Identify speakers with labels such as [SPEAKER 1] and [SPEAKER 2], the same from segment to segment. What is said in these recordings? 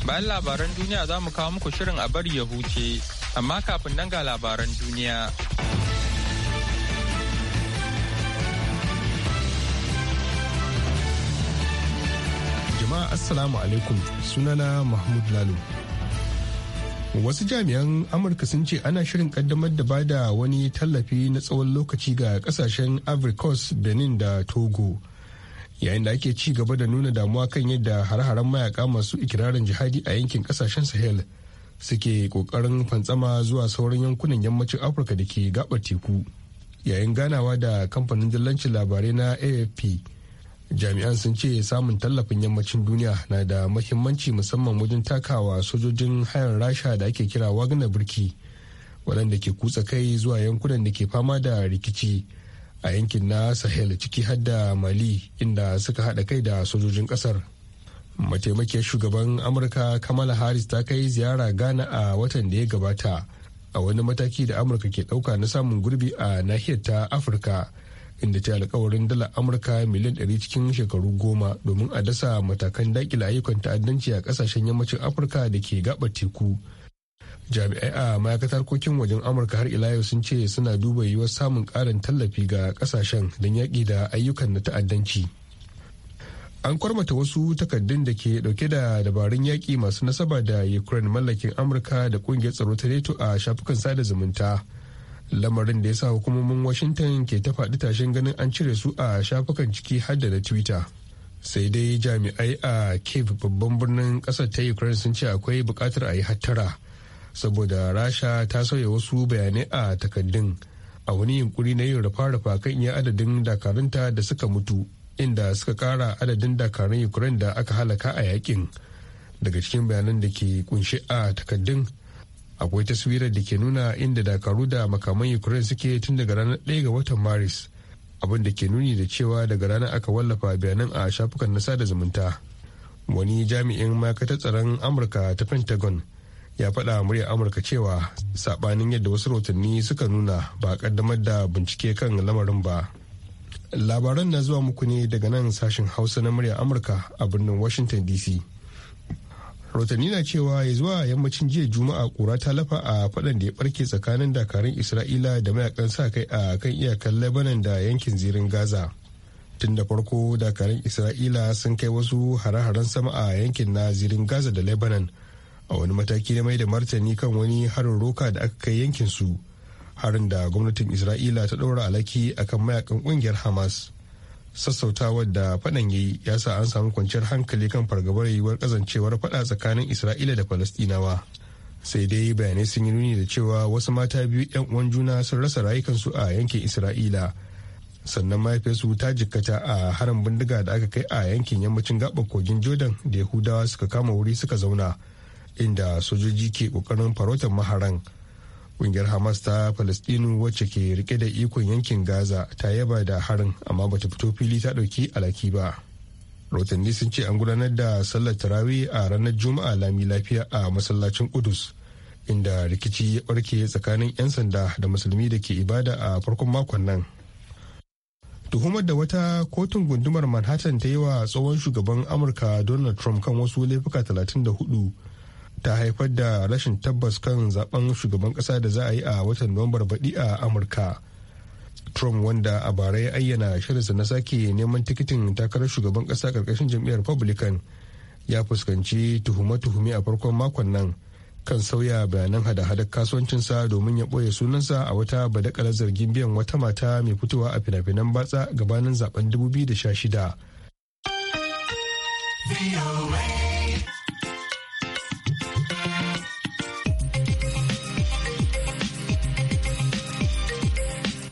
[SPEAKER 1] Bayan labaran duniya za mu kawo muku shirin a bari ya huce, amma kafin nan ga labaran duniya.
[SPEAKER 2] Jama'a Assalamu alaikum sunana Mahmud Lalu. Wasu jami'an Amurka sun ce ana shirin kaddamar da bada wani tallafi na tsawon lokaci ga kasashen Ivory Coast, Benin da Togo. yayin da ake ci gaba da nuna damuwa kan yadda har-haren mayaka masu ikirarin jihadi a yankin kasashen sahel suke kokarin fantsama zuwa sauran yankunan yammacin afirka da ke gabar teku yayin ganawa da kamfanin dillanci labarai na afp jami'an sun ce samun tallafin yammacin duniya na da mahimmanci musamman wajen takawa sojojin hayar rasha da ake kira wagner birki waɗanda ke kutsa kai zuwa yankunan da ke fama da rikici a yankin na sahel ciki har da mali inda suka hada kai da sojojin kasar. mataimakiyar shugaban amurka kamala harris ta kai ziyara ghana a watan da ya gabata a wani mataki da amurka ke dauka na samun gurbi a nahiyar ta afirka inda ta alkawarin dala amurka miliyan 100 cikin shekaru goma domin a dasa matakan dakila ayyukan ta'addanci a kasashen yammacin afirka da ke gabar teku jami'ai a ma'aikatar harkokin wajen amurka har ila yau sun ce suna duba yiwuwar samun karin tallafi ga kasashen don yaƙi da ayyukan na ta'addanci an kwarmata wasu takardun da ke dauke da dabarun yaƙi masu nasaba da ukraine mallakin amurka da ƙungiyar tsaro ta neto a shafukan sada zumunta lamarin da ya sa hukumomin washington ke ta faɗi tashin ganin an cire su a shafukan ciki har da na twitter sai dai jami'ai a kiev babban birnin ƙasar ta ukraine sun ce akwai buƙatar a yi hattara saboda rasha ta sauya wasu bayanai a takaddun a wani yunkuri na yin rafa-rafa kan iya adadin dakarunta da suka mutu inda suka kara adadin dakarun ukraine da aka halaka a yakin daga cikin bayanan da ke kunshi a takaddun akwai taswirar da ke nuna inda dakaru da makaman ukraine suke tun daga ranar 1 ga watan maris abin da ke nuni da cewa daga ranar aka wallafa bayanan a shafukan na sada zumunta wani jami'in ma'aikatar tsaron amurka ta pentagon ya faɗa muryar amurka cewa saɓanin yadda wasu rotanni suka nuna ba a ƙaddamar da bincike kan lamarin ba labaran na zuwa muku ne daga nan sashen hausa na muryar amurka a birnin washington dc rotanni na cewa ya zuwa yammacin jiya juma'a kura ta lafa a faɗan da ya barke tsakanin dakarun isra'ila da mayakan sa kai a kan iyakan lebanon da yankin zirin gaza tun da farko dakarun isra'ila sun kai wasu hare-haren sama a yankin na zirin gaza da lebanon a wani mataki na mai da martani kan wani harin roka da aka kai yankin su harin da gwamnatin isra'ila ta ɗaura alaki akan mayakan ƙungiyar hamas sassautawar da faɗan yi ya sa an samu kwanciyar hankali kan fargabar yiwuwar kazancewar faɗa tsakanin isra'ila da falastinawa sai dai bayanai sun yi nuni da cewa wasu mata biyu yan uwan juna sun rasa rayukansu a yankin isra'ila sannan mahaifiyarsu ta jikkata a harin bindiga da aka kai a yankin yammacin gaɓar kogin jordan da yahudawa suka kama wuri suka zauna inda sojoji ke kokarin farautar maharan kungiyar hamas ta palestinu wacce ke rike da ikon yankin gaza ta yaba da harin amma bata fito fili ta dauki alaki ba rotanni sun ce an gudanar da sallar tarawi a ranar juma'a lami lafiya a masallacin kudus inda rikici ya barke tsakanin 'yan sanda da musulmi da ke ibada a farkon makon nan tuhumar da wata kotun gundumar manhattan ta yi wa tsohon shugaban amurka donald trump kan wasu laifuka 34 ta haifar da rashin tabbas kan zaben shugaban kasa da za a yi a watan nuwambar baɗi a amurka trump wanda a bara ya ayyana shirinsa na sake neman tikitin takarar shugaban kasa karkashin jam'iyyar republican ya fuskanci tuhume-tuhume a farkon makon nan kan sauya bayanan hada-hadar kasuwancinsa domin ya ɓoye sunansa a wata badakalar zargin biyan wata mata mai fitowa a fina-finan batsa gabanin zaben 2016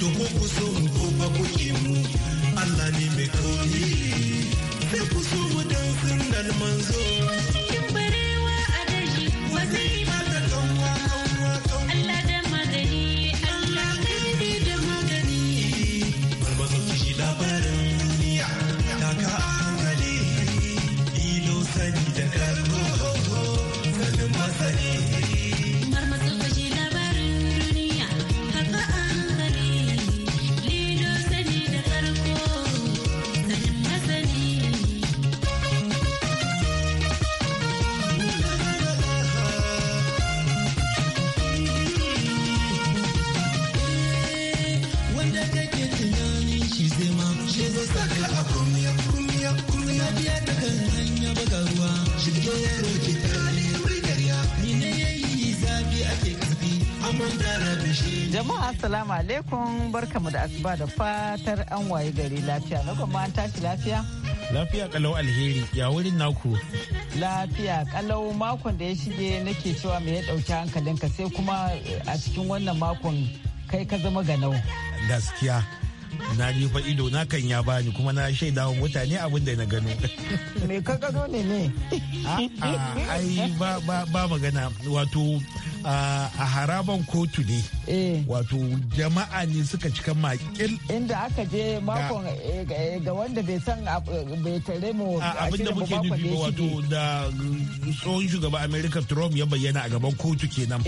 [SPEAKER 3] domin ku so mu ko Allah ne mai komi sai ku so mu dan manzo
[SPEAKER 4] Jama'a assalamu alaikum barkamu da asuba da fatar an waye gari lafiya, na kuma an tashi lafiya.
[SPEAKER 3] Lafiya kalau alheri ya wurin naku.
[SPEAKER 4] Lafiya kalau makon da ya shige nake cewa mai ya ɗauki hankalinka sai kuma a cikin wannan makon kai ka zama ganau.
[SPEAKER 3] Gaskiya. na rufe ido na kan ya bani kuma na shaida wa mutane abin da na gano
[SPEAKER 4] me ka gano ne ne
[SPEAKER 3] ai ba magana wato a haraban kotu ne eh. wato jama'a ne suka cika makil inda aka je makon
[SPEAKER 4] eh, eh, ga wanda bai san bai tare
[SPEAKER 2] mu abinda muke nufi ba wato
[SPEAKER 3] da tsohon shugaban america trump ya bayyana a gaban kotu kenan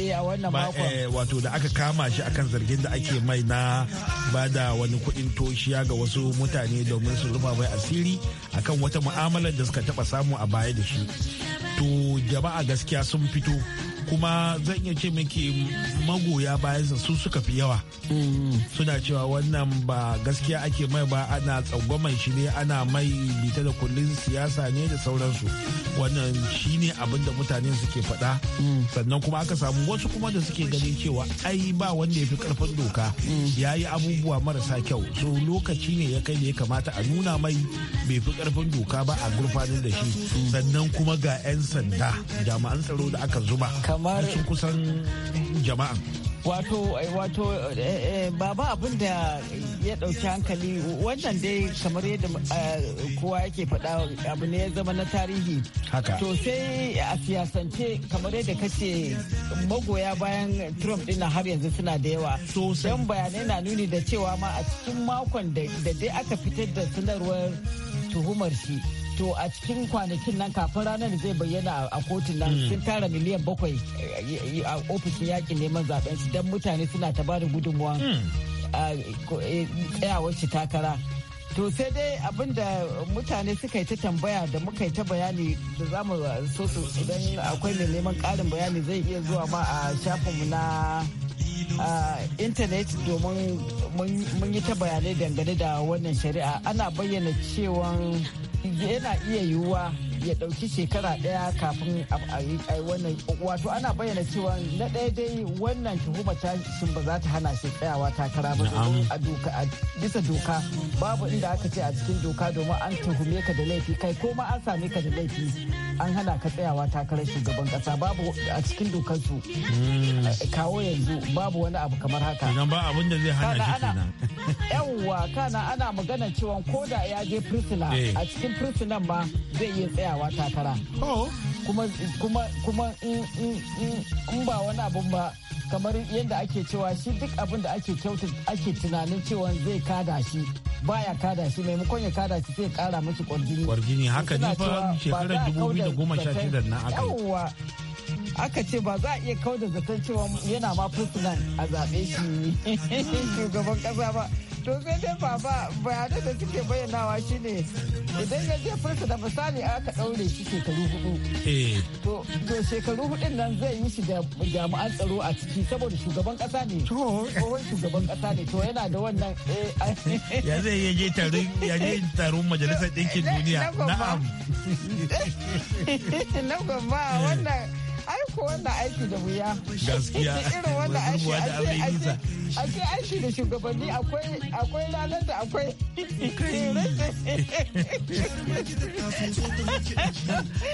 [SPEAKER 3] wato da aka kama shi akan zargin da ake mai na ba da wani kuɗin toshiya ga wasu mutane domin su rufa mai asiri akan wata mu'amalar da suka taɓa samu a baya da shi to jama'a gaskiya sun fito kuma zan iya ce miki magoya bayansa su suka fi yawa mm. suna cewa wannan ba gaskiya ake mai ba ana tsangwamai shi ne ana mai bita da kullun siyasa ne da sauransu wannan shi ne abin mutane suke faɗa mm. sannan kuma aka samu wasu kuma da suke ganin cewa ai ba wanda ya fi karfin doka mm. ya yi abubuwa marasa kyau so lokaci ne ya kai da ya kamata a nuna mai bai fi karfin doka ba a gurfanin da shi sannan kuma ga 'yan sanda jami'an tsaro da aka zuba kamar sun kusan jama'a wato eh, wato baba eh, eh, abin
[SPEAKER 4] da ya dauki hankali wannan dai kamar yadda kowa yake faɗa abu ne ya zama na tarihi haka to sai a siyasance kamar yadda kace magoya bayan trump din har yanzu suna da yawa don bayanai na nuni da cewa ma a cikin makon da dai aka fitar da sanarwar tuhumar shi to a cikin kwanakin nan kafin ranar da zai bayyana a kotun nan hmm. sun tara miliyan bakwai eh, eh, a ofishin yakin neman zaben su don mutane suna ta bada gudunmuwa hmm. eh, tsayawar shi takara to sai dai abin da mutane suka yi ta tambaya da muka yi ta bayani da za mu so su idan akwai mai neman karin bayani zai iya zuwa ma a shafinmu na a intanet domin mun yi ta bayanai dangane da wannan shari'a ana bayyana cewa yana iya yiwuwa ya ɗauki shekara ɗaya kafin a yi wannan wato ana bayyana cewa na ɗaya dai wannan tuhuma ta sun ba za ta hana shi tsayawa takara ba a doka a bisa doka babu inda aka ce a cikin doka domin an tuhume ka da laifi kai ko ma an same ka da laifi an hana ka tsayawa takarar shugaban kasa babu a cikin dokar su hmm. eh, kawo yanzu babu wani abu kamar haka
[SPEAKER 3] idan ba abin da zai hana shi kenan
[SPEAKER 4] yawwa kana ana magana cewa ko da ya je prisoner eh. a cikin prisoner ma zai iya tsaya tsayawa takara kuma in ba wani abun ba kamar yadda ake cewa shi duk abin da ake ake tunanin cewa zai kada shi baya kada shi maimakon ya kada shi sai kara miki kwargini kwargini haka ne fa shekarar 2016 na aka yawa aka ce ba za a iya kauda zaton cewa yana ma fursunan a zaɓe shi shugaban ƙasa ba sai dai baba bayanai da suke bayyanawa shine idan ya je fursa da misali aka ɗaure shi shekaru hudu eh. to shekaru hudun nan zai yi shi da jami'an tsaro a ciki saboda shugaban kasa ne tsohon shugaban kasa ne to yana da wannan eh, ya zai yi je taron ya je taron majalisar ɗinkin duniya na'am na gwamba wannan aiko wannan aiki da wuya
[SPEAKER 3] gaskiya irin wannan aiki a
[SPEAKER 4] ce aiki da shugabanni akwai ranar da akwai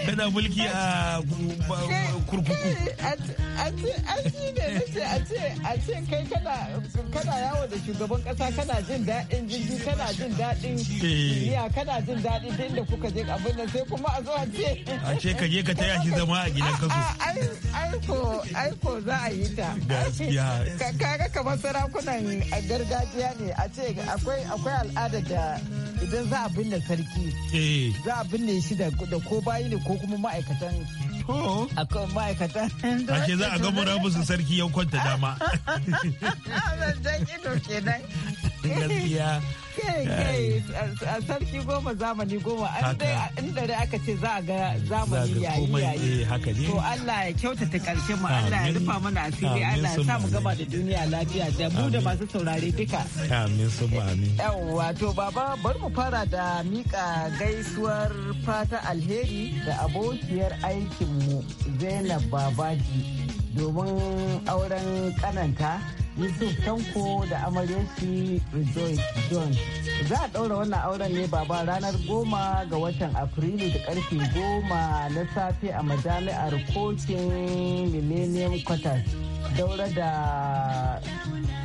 [SPEAKER 4] kana mulki a kurkuku a ce kai kana yawo da shugaban kasa kana jin daɗin jirgi kana jin daɗin eh. iya kana jin daɗin da kuka je abin nan sai kuma a zo a ce a ce ka je
[SPEAKER 3] ka taya shi zama a gidan kasu
[SPEAKER 4] aiko za a yi ta kaga kamar sarakunan gargajiya ne a ce akwai al'ada da idan za a binne sarki eh. za a binne shi da ko bayi ne ko kuma ma'aikatan ma'aikatan ma'aikata. Ake za a ga murabusin
[SPEAKER 3] sarki yau kwanta dama.
[SPEAKER 4] Ah, ido kenan.
[SPEAKER 3] Gaskiya. Eh,
[SPEAKER 4] sarki goma zamani goma inda da aka ce za a ga zamani yayi yayi eh,
[SPEAKER 2] haka ne to Allah
[SPEAKER 4] ya kyautata karshen mu Allah ya rufa mana asiri Allah ya sa mu gaba da duniya lafiya da mu da masu saurare duka
[SPEAKER 3] amin su amin
[SPEAKER 4] to baba bar mu fara da mika gaisuwar fata alheri da abokiyar aikin mu Zainab Babaji domin auren kananta Yusuf Tanko da amaryarsi Rejoice John. Za a ɗaura wannan auren ne baba ranar goma ga watan Afrilu da karfe goma na safe a majami'ar Kokin Millennium Quarters. Daura da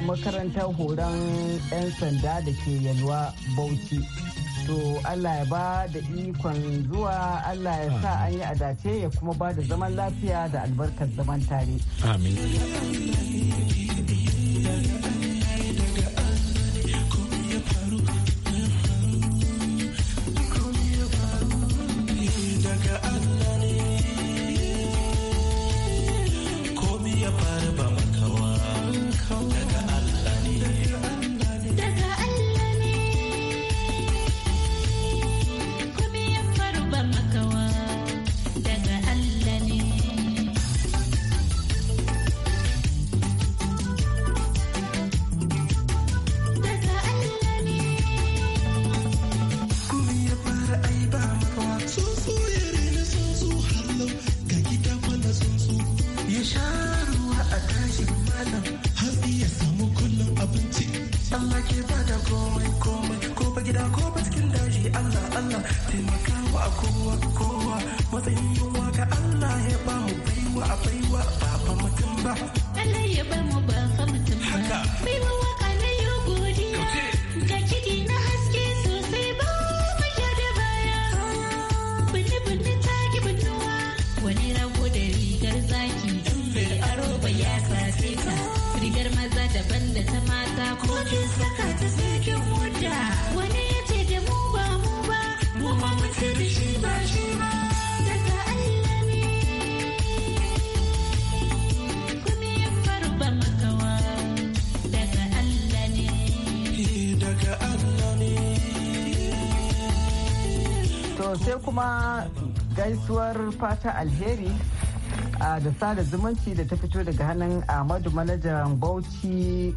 [SPEAKER 4] makarantar horon 'yan sanda da ke yalwa Bauchi. to Allah ya ba da ikon zuwa Allah ya sa an yi adace ya kuma ba da zaman lafiya da albarkar zaman tare. Amin. kasuwar fata alheri da sada zumunci da ta fito daga hannun ahmadu manajan bauchi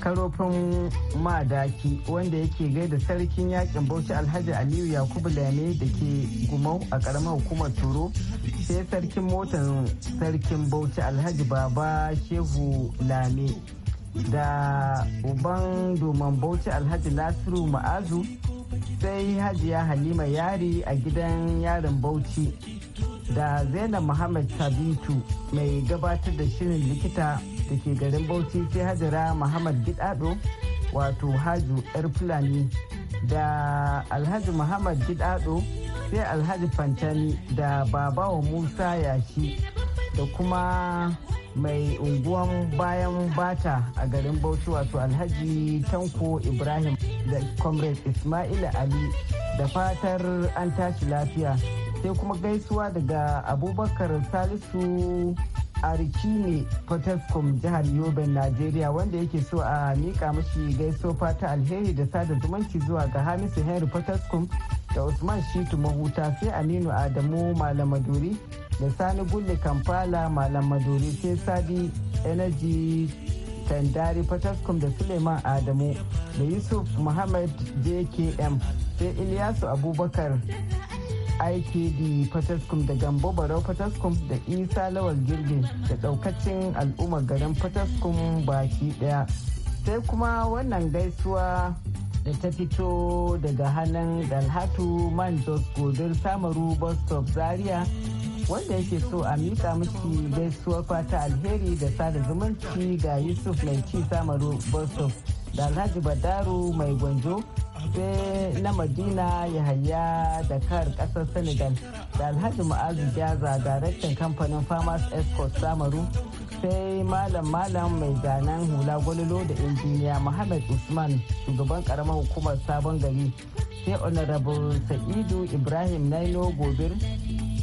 [SPEAKER 4] karofin madaki wanda yake gaida sarkin yakin bauchi alhaji aliyu yakubu lame da ke gumau a karamar hukumar turo sai sarkin motan sarkin bauchi alhaji baba shehu lame da uban doman bauchi alhaji nasiru ma'azu sai hajiya halima yari a gidan yarin bauchi da zainab muhammad sabitu mai gabatar da shirin likita da ke garin bauchi sai hajara muhammad gidado wato haju yar fulani da alhaji muhammad gidado sai alhaji fantani da babawa musa yashi da kuma mai unguwan bayan bata a garin bauchi wato alhaji tanko ibrahim da comrade ismaila ali da fatar an tashi lafiya sai kuma gaisuwa daga abubakar salisu arikini potescom jihar yobe najeriya wanda yake so a mika mashi gaiso fata alheri da sada zumunci zuwa ga hamisu henry potescom da usman shitu mahuta sai aminu adamu malamaduri da sani gulle kampala malam maduri sai sadi energy tandari fataskum da suleiman adamu da yusuf muhammad jkm sai iliyasu abubakar ikd fataskum da gambo barau fataskum da isa lawal girgin da daukacin al'ummar garin fataskum baki daya sai kuma wannan gaisuwa da ta fito daga hannun dalhatu manjos godin samaru bus stop zaria wanda yake so a mika miki gaisuwar fata alheri da sada zumunci ga yusuf lanci samaru boston da alhaji badaru mai gwanjo sai na madina yahaya da kar ƙasar senegal da alhaji ma'azu jaza daraktan kamfanin farmers escort samaru sai malam malam mai zanen hula gwalolo da injiniya muhammad usman shugaban karamar hukumar sabon gari sai honorable sa'idu ibrahim nailo gobir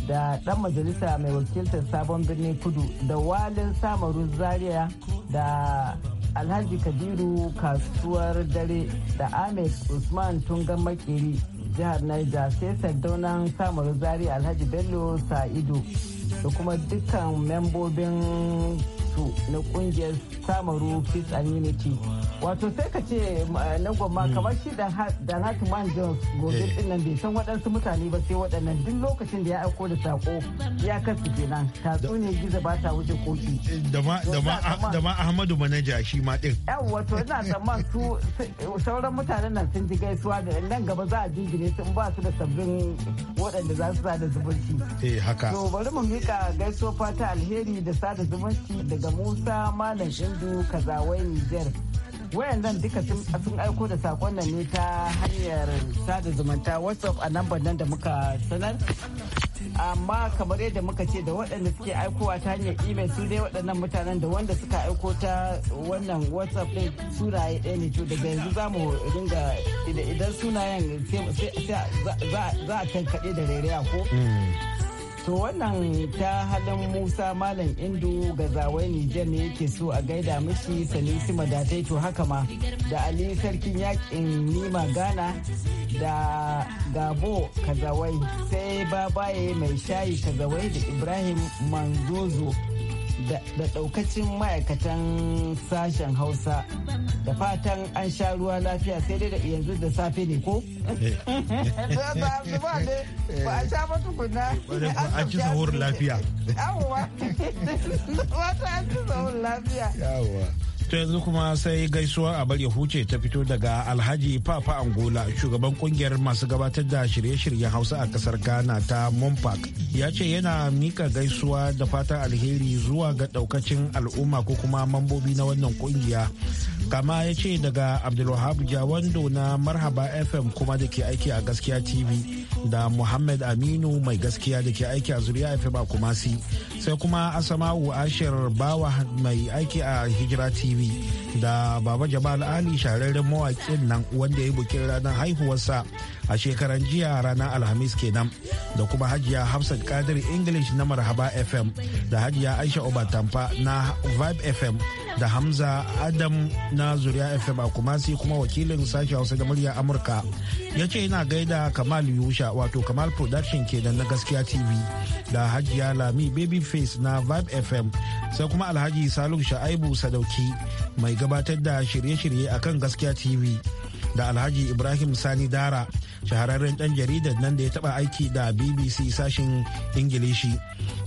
[SPEAKER 4] da dan majalisa mai wakiltar sabon birnin kudu da walin samaru zaria da alhaji kabiru kasuwar dare da ahmed usman tungan makeri jihar niger sai sardaunan samaru zaria alhaji bello sa'idu da kuma dukkan membobin su na kungiyar Samaru Peace and Unity. Wato sai ka ce na gwamma hmm. kamar shi da man Jones gobe eh. din nan bai san waɗansu mutane ba sai waɗannan duk lokacin da ya aiko da sako ya kasu kenan tatsu ne gizo ba ta wuce koki.
[SPEAKER 3] Da ma Ahmadu Manaja shi ma din. Yan wato ina zama
[SPEAKER 4] su sauran mutanen nan sun ji gaisuwa da nan gaba za a jingine su ba su da sabbin waɗanda za su sada zumunci.
[SPEAKER 3] Eh haka. To
[SPEAKER 4] bari mu mika gaisuwa fata alheri da sada zumunci da da Musa Malam Shindu Kazawai Nijar. Wayannan duka sun aiko da sakon nan ne ta hanyar sada zumunta WhatsApp a lambar nan da muka sanar. Amma kamar yadda muka ce da waɗanda suke aikowa ta hanyar email su dai waɗannan mutanen da wanda suka aiko ta wannan WhatsApp ɗin sunaye ɗaya ne to daga yanzu za mu ringa idan sunayen sai za a tankaɗe da rereya ko. Hmm. To wannan ta halin Musa Malam Indu gazawai Nijar ne yake so a gaida mishi Sanisi da to haka ma da Ali Sarkin yakin Nima Ghana da Gabo Kazawai sai babaye mai shayi Kazawai da Ibrahim Manzozo da daukacin ma'aikatan sashen hausa da fatan an sha ruwa lafiya sai dai da yanzu da safe ne ko? Eh. ba a sha ba tukuna
[SPEAKER 3] an ci sahur lafiya
[SPEAKER 4] yawa wata an ci sahur
[SPEAKER 3] lafiya To yanzu kuma sai gaisuwa a barya huce ta fito daga Alhaji Papa Angola shugaban kungiyar masu gabatar da shirye-shiryen Hausa a kasar Ghana ta park Ya ce yana mika gaisuwa da fatan alheri zuwa ga daukacin al'umma ko kuma mambobi na wannan kungiya. Kama ya ce daga Abdulwahab Jawando na Marhaba FM kuma da ke aiki a Gaskiya TV da Muhammad Aminu mai gaskiya da ke aiki a Zuriya FM a Kumasi. sai kuma asama'u ashir bawa mai aiki a hijira tv da baba jamal ali shahararren mawakin nan wanda ya yi bukin ranar haihuwarsa a shekaran jiya ranar alhamis kenan da kuma hajiya hafsat kadir english na marhaba fm da hajiya aisha obatampa na vibe fm da hamza adam na zuriya fm a kumasi kuma wakilin sashi hausa da murya amurka ya ce yana gaida kamal yusha wato kamal production kenan na gaskiya tv da hajiya lami baby Face na Vibe FM sai kuma Alhaji Salihu Sha'aibu Sadauki mai gabatar da shirye-shirye a kan gaskiya TV da Alhaji Ibrahim Sani Dara shahararren ɗan jaridar nan da ya taɓa aiki da BBC sashin Ingilishi.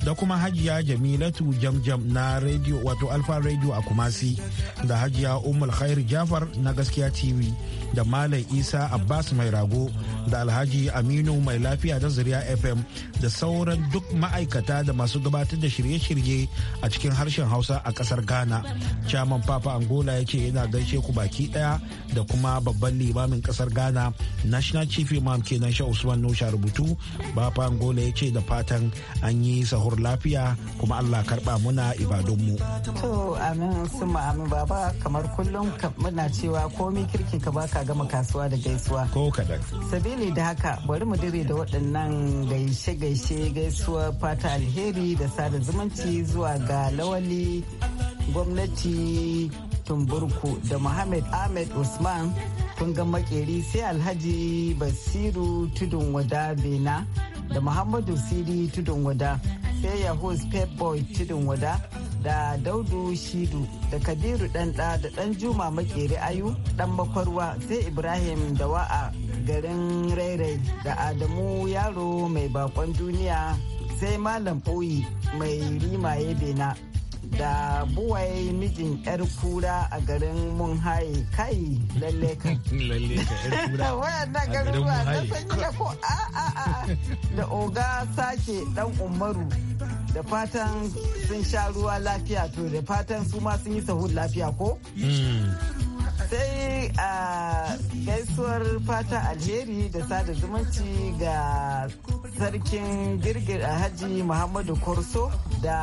[SPEAKER 3] da kuma hajiya jamilatu jamjam na radio wato alfa radio a kumasi da hajiya umar khair jafar na gaskiya tv da malam isa abbas mai rago da alhaji aminu mai lafiya da zuriya fm da sauran duk ma'aikata da masu gabatar da shirye-shirye a cikin harshen hausa a kasar ghana chairman papa angola ya ce yana gaishe ku baki daya da kuma babban limamin kasar ghana national chief imam kenan sha usman nusha rubutu papa angola ya ce da fatan an yi sahur lafiya kuma Allah karba muna ibadunmu.
[SPEAKER 4] To amin ma amin baba kamar kullum muna cewa komi kirki ka baka gama kasuwa da gaisuwa. Ko kadan. Sabili da haka bari mu dire da waɗannan gaishe-gaishe gaisuwa fata alheri da sada zumunci zuwa ga lawali gwamnati burku da Muhammad Ahmed Usman kun ga makeri sai Alhaji Basiru Tudun Wada Bena da Muhammadu Siri Tudun Wada sai pep Boy Tudun Wada da Daudu Shidu da Kabiru Danda da Dan Juma Makeri Ayu Dan Makwarwa sai Ibrahim da wa'a garin Rairai da Adamu Yaro mai bakon duniya sai Malam Boyi mai rimaye Bena. da buwai mijin yar kura a garin mun haye kai lalle ka
[SPEAKER 3] lalle ka yar kura
[SPEAKER 4] ko a a a da oga sake dan umaru da fatan sun sha ruwa lafiya to da fatan su ma sun yi sahur lafiya ko hmm. sai a gaisuwar fata alheri da sada zumunci ga sarkin girgir alhaji muhammadu korso da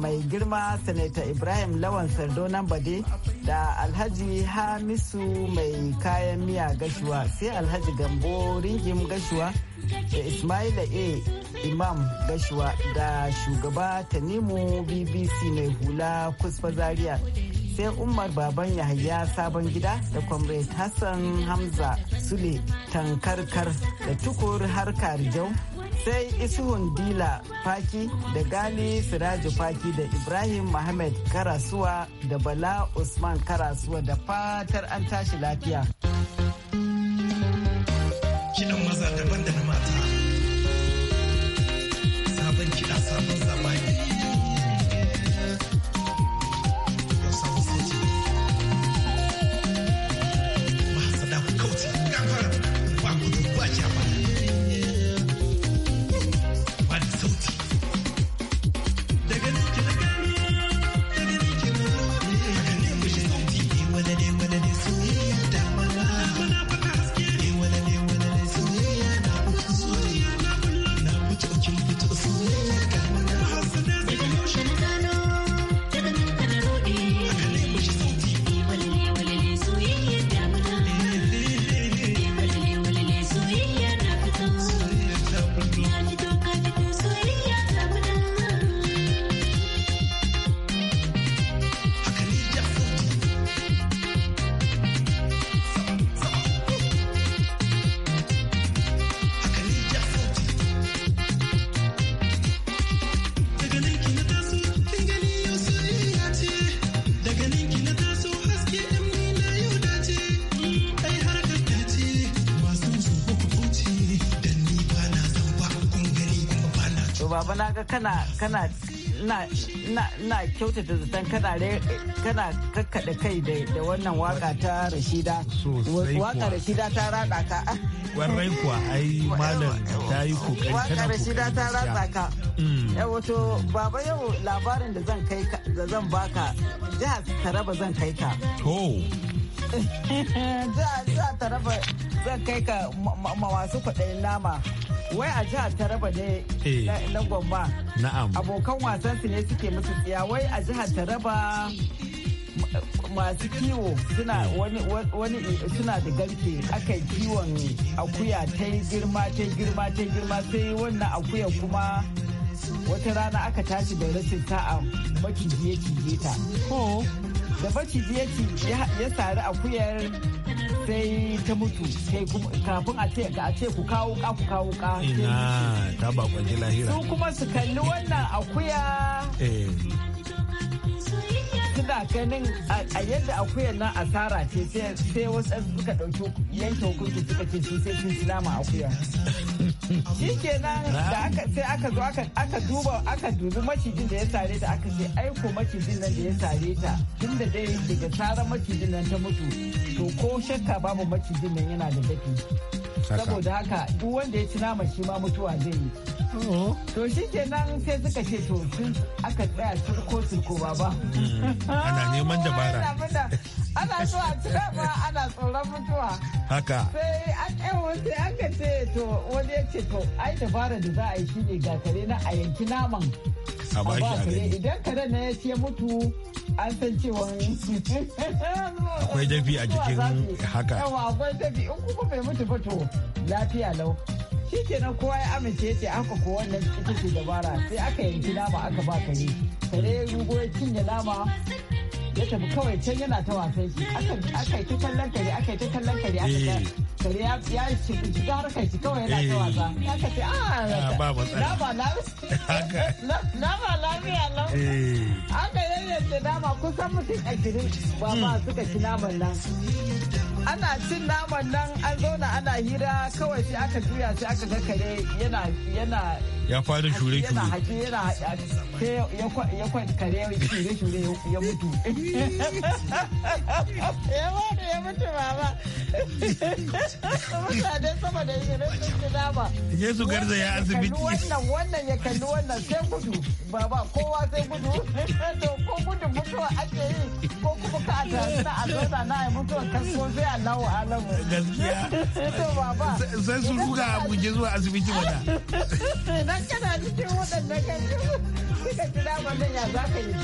[SPEAKER 4] mai girma sanata ibrahim lawan Sardo nan bade da alhaji hamisu mai kayan miya gashuwa sai alhaji gambo ringim gashuwa da ismaila a imam gashuwa da shugaba tanimu bbc mai hula kusfa zaria sai umar baban yahaya sabon gida da comrade hassan hamza sule tankarkar da tukur harka rijau sai isuhun dila faki da gali siraju faki da ibrahim mohamed karasuwa da bala usman karasuwa da fatar an tashi lafiya. gaba na ga kana kana na kyautata zaton kana kana kakkada kai da wannan waka ta Rashida waka Rashida ta rada ka kwarai kuwa ai
[SPEAKER 3] malam ta yi kokari waka Rashida ta rada
[SPEAKER 4] ka mm. wato baba yau labarin da zan kai da zan baka jihar Taraba zan kai ka to za ta raba zan kai ka masu kwaɗayin nama wai a jihar taraba ne eh. na gwamba abokan wasan su ne suke musu tsiya wai a jihar taraba masu kiwo suna wani suna da garke aka kiwon akuya ta yi girma ta yi girma ta yi girma sai wannan akuya kuma wata rana aka tashi da rashin sa'a maciji ya ta oh. da maciji ya sari akuyar sai ta mutu sai kafin a ce a ce ku kawo ka ku kawo ka ina
[SPEAKER 3] ta lahira su
[SPEAKER 4] kuma su kalli wannan akuya eh. suna ganin a yadda akuyar na asara ce sai wasu suka ɗauki yanke hukunci suka ce su sai sun nama akuya shi kenan da sai aka zo aka duba aka dubi macijin da ya sare ta aka ce aiko macijin nan da ya sare ta tun da dai daga tsarar macijin nan ta mutu to ko shakka babu macijin nan yana da dafi saboda haka duk wanda ya ci nama shi ma mutuwa zai yi oh. to shi kenan sai suka ce to sun aka tsaya turko turko ba ba hmm.
[SPEAKER 3] ana neman dabara
[SPEAKER 4] ana so a cira ba ana tsoron mutuwa haka sai an ɗawo sai ka ce to wani ya ce to ai dabara da za a yi shi ne ga kare na a yanki naman
[SPEAKER 3] a ba shi
[SPEAKER 4] idan kare na ya ce mutu an san cewa akwai dafi a jikin haka yawa akwai dafi in kuma bai mutu ba lafiya lau shi kenan kowa ya amince ce haka ko wannan ita ce dabara sai aka yanki nama aka ba kare kare rugo ya cinye nama ya tafi kawai can yana ta wasan shi aka yi ta kallon kare aka yi ta kallon kare aka eh. kare ya shiga harkar shi kawai yana ta wasa eh. aka ce ah, ah ba na
[SPEAKER 3] ba
[SPEAKER 4] na ba lafiya na eh. aka yayyance nama kusan mutum ashirin ba ba suka ci naman nan ana cin naman nan an zauna ana hira kawai sai aka juya sai aka ga kare yana yana
[SPEAKER 2] ya fara shure shure yana haƙi
[SPEAKER 4] yana ya kwan kare shure shure ya mutu ya wani ya mutu baba mutane sama da shirin sun nama nama su garza ya asibiti wannan wannan ya kalli wannan sai gudu baba kowa sai gudu ko gudu mutuwa ake yi ko kuma ka a tarasa a zauna na ya mutuwa kasuwa sai a Allahu alam
[SPEAKER 3] gaskiya sai su ruga a buje zuwa asibiti mana
[SPEAKER 4] dan kana cikin waɗannan kan suka kira mana ya zaka yi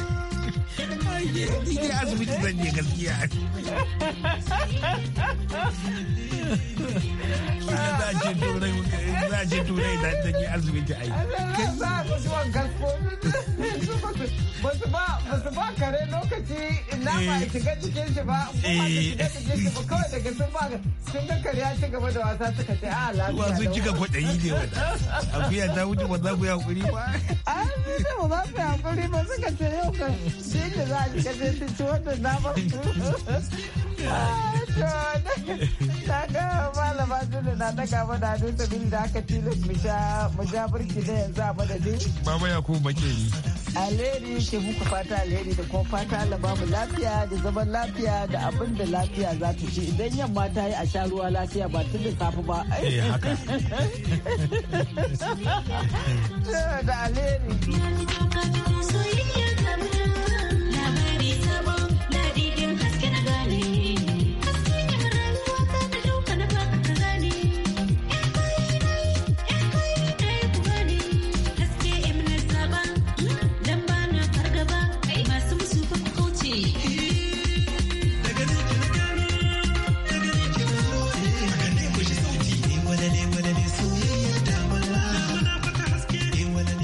[SPEAKER 3] Ni dai asibiti zan je gaskiya. Za a ce turai za a ce turai da ta je asibiti ai.
[SPEAKER 4] Kai za a musu wangar ko. Ba su ba ba su ba kare lokaci na ba shiga cikin shi ba. Kuma shiga cikin shi ba kawai daga sun ba sun ga kare ya ci gaba da wasa suka ce a ah, lafiya. Wa sun cika
[SPEAKER 3] kwaɗayi ne da Akuya ta wuce ba za ku yi hakuri ba.
[SPEAKER 4] A ba za ku yi hakuri ba suka ce yau ka. da za a ci kaje ta ci wannan naman ah, na ga malama tuna na daga mana hannu sabili da aka tilas mu ja burki da yanzu a madadin. Baba Yakubu Makeri. alheri ke muku fata alheri da kuma fata Allah babu lafiya da zaman lafiya da abin da lafiya za ta ci idan yamma ta yi a sha ruwa lafiya ba tun da safe ba. Eh, da alheri.